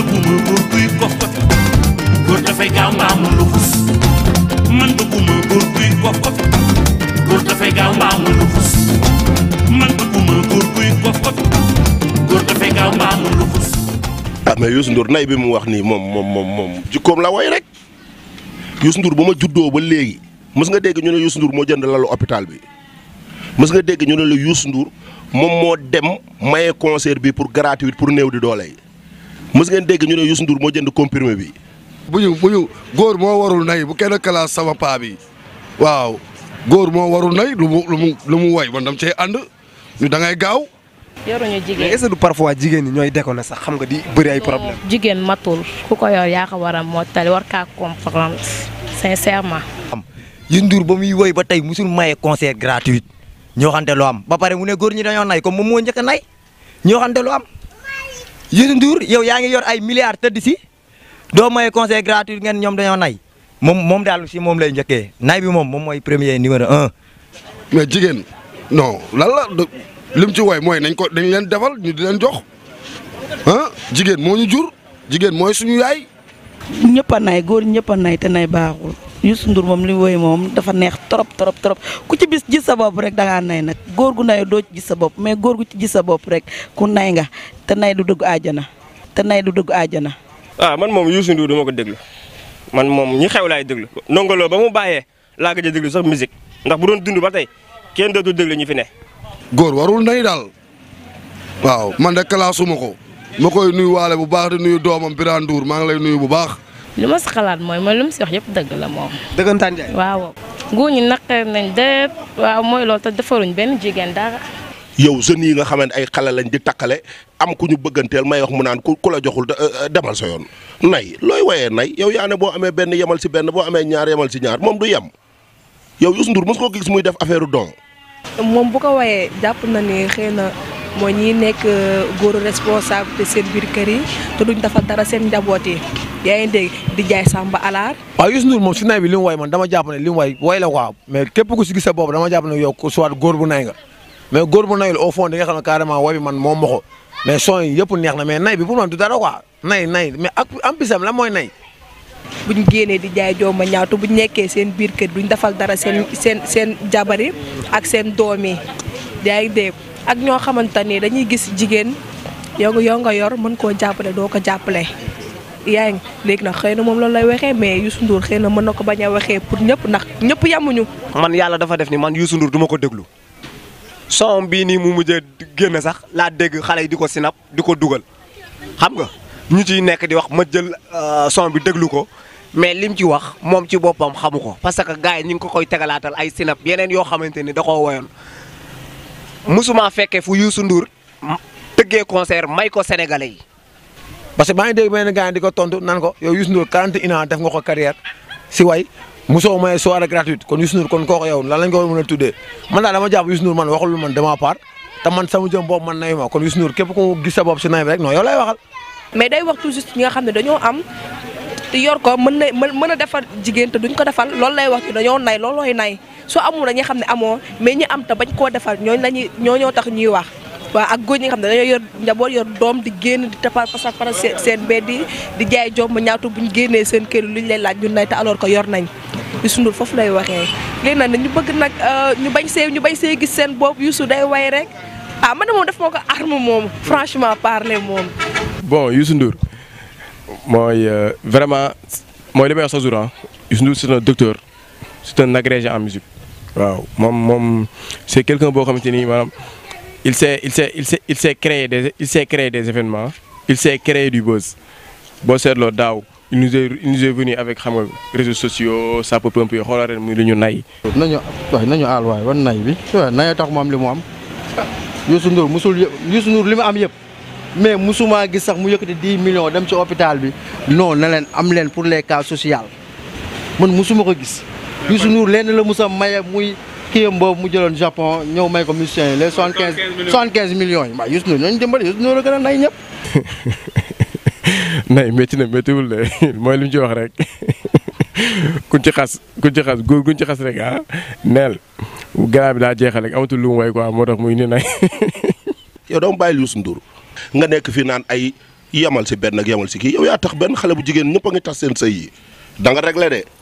bëgguma góor guy man bëgguma góor guy guy kof-kofi góor dafay gaaw mbaa mu luxus ah mais Youssou nay bi mu wax nii moom moom moom moom jikkoom la woy rek Youssou Ndour ba ma juddoo ba léegi mës nga dégg ñu ne Youssou Ndour moo jënd lalu hôpital bi mës nga dégg ñu ne la Youssou Ndour moom moo dem maye concert bi pour gratuite pour néew di doole yi mës ngeen dégg ñu ne Youssou Ndour moo jënd comprimé bi. bu ñu bu ñu góor moo warul nay bu kenn kalaas sama bi waaw góor moo warul nay lu mu mu lu mu way man dam cee ànd da ngay gaaw. yoruñu jigéen jigéen ñi ñooy déconné sax xam nga di bëri ay problème jigéen matul ku ko yor yaa moo tali war kaa comprendre sincèrement. am Youssou Ndour ba muy woy ba tey musul maye concert gratuit ñoo xamante loo am ba pare mu ne góor ñi dañoo nay comme moom moo njëkk a nay ñoo xamante loo am. Youssou Ndour yow yaa ngi yor ay milliards tëdd si doo may conseil gratuit ngeen ñoom dañoo nay moom moom daal si moom lay njëkkee nay bi moom moom mooy premier numéro un. mais jigéen non lan la lim ci woy mooy nañ ko dañ leen defal ñu di leen jox ah jigéen moo ñu jur jigéen mooy suñu yaay. ñëpp a nay góor ñëpp a nay te nay baaxul. Youssou Ndour moom li woy moom dafa neex trop trop ku ci bis gis sa bopp rek da nay nag góor gu nayo doo ci gis sa bopp mais góor gu ci gis sa bopp rek ku nay nga te nay du dëgg aajana te nay du dëgg aajana. ah man moom Youssou Ndour du ma ko déglu man moom ñi xew laay déglu nongolo ba mu bàyyee laa gëj a déglu sax musique ndax bu doon dund ba tey kenn dootul déglu ñi fi ne. góor warul nay daal waaw man de kalaasuma ko ma koy nuyu waale bu baax di nuyu doomam Birane maa ngi lay nuyu bu baax. li ma si xalaat mooy mooy lu mu si wax yëpp dëgg la moom. dëggantaan Ndiaye waaw. góor ñi naqar nañ déet waaw mooy loolu te defaruñ benn jigéen dara. yow jeunes yi nga xamante ay xale lañ di takkale am ku ñu bëgganteel may wax mu naan ku ku la joxul euh, demal sa yoon. nay looy woyee nay yow yaa ne boo amee benn yemal si benn boo amee ñaar yemal si ñaar moom du yem yow Youssou Ndour mos koo gis muy def affaire don. moom bu ko woyee jàpp na ni xëy na mooy ñiy nekk euh, góoru responsable te seen biir kër yi te duñ defal dara seen njaboot yi yaa ngi dégg di jaay sàmba alaar waaw Youssou Ndour moom si li mu way man dama jàpp ne li mu way way la mais képp ku si sa bopp dama jàpp ne yow soit góor bu nay nga mais góor bu nayul au fond di xam ne carrément way bi man moom ma ko mais yëpp neex na mais nay bi pour man du dara quoi nay nay mais ak am pisam la mooy nay buñ génnee di jaay jooma ñaawtu buñ nekkee seen biir kër duñ defal dara seen seen seen jabar yi ak seen doom yi yaa ngi dégg ak ño xamante ni dañuy gis jigéen yow nga yor mën koo jàppale doo ko jàppale yaa ngi na xeyna mom lolay waxee mais Youssou Ndour xeyna na mën na ko pour ñep nak ñep yamuñu. man yalla dafa def ni man Youssou Ndour duma ko déglu son bi ni mu mujjé sax la dégg xalé diko sinap diko duggal dugal xam nga ñu ci nekk di wax ma jël euh, son bi déglu ko mais lim ci wax mom ci bopam xamuko parce que gaay ñing ko koy tégalatal ay sinap yenen yo xamanteni da ma fekkee fu Youssou Ndour tëggee concert may ko senegal yi. parce que maa ngi dégg benn gars di ko tontu nan ko yow Youssou Ndour 41 ans def nga ko carrière si way musoo may soirée gratuite kon Youssou Ndour kon kooku yow lan lañ ko mën a tuddee man daal dama jàpp Youssou Ndour man waxul man dama part te man sama jëm kon Youssou Ndour képp ku gis sa bopp si nay rek non yow lay waxal. mais day wax tout juste ñi nga xam ne dañoo am te yor ko mën na mën a defar jigéen te duñ ko defal loolu lay wax ñu dañoo nay loolooy nay soo amul dañuy xam ne amoo mais ñi am te bañ koo defal ñooñu lañuy ñoo ñoo tax ñuy wax waa ak góor ñi xam ne dañoo yor njaboot yor doom di génn di tapar pasar para seen mbedd di di jaay jom ma ñaatu bu ñu génnee seen kër luñ lay laaj ñun nay te alors que yor nañ Youssou Ndour foofu lay waxee léegi nag ñu bëgg nag euh, ñu bañ see ñu bañ see gis seen bopp Youssou day way rek ah man moom daf moo ko arme moom franchement parler moom bon Youssou Ndour Moi, euh, vraiment moi, le ah, un docteur c'est un agrégé en musique c'est quelqu'un qui il s'est il créé des il créé des événements il s'est créé du buzz Bosser, il nous est venu avec les réseaux sociaux ça mais musuma gis sax mu yëkk di million dem ci hôpital bi non na leen am leen pour les cas sociaux man musuma ko gis. Youssou Ndour leen la musa maye muy kiyam boobu mu jëloon Japon ñëw may ko musiciens yi les soixante quinze quinze millions yi ma Youssou Ndour ñooñu jëmbale Youssou a gën a nay ñëpp. nay métti na méttiwul de mooy li mu ci rek kuñ ci xas ku ci xas góor ci xas rek ah neel garab bi daa jeexal rek amatul lu mu way quoi moo tax muy ni nay. yow doo bàyyi Youssou Ndour nga nekk fii naan ay yemal si benn ak yemal si kii yow yaa tax benn xale bu jigéen ñëpp a ngi tas seen sëy yi da nga réglé de.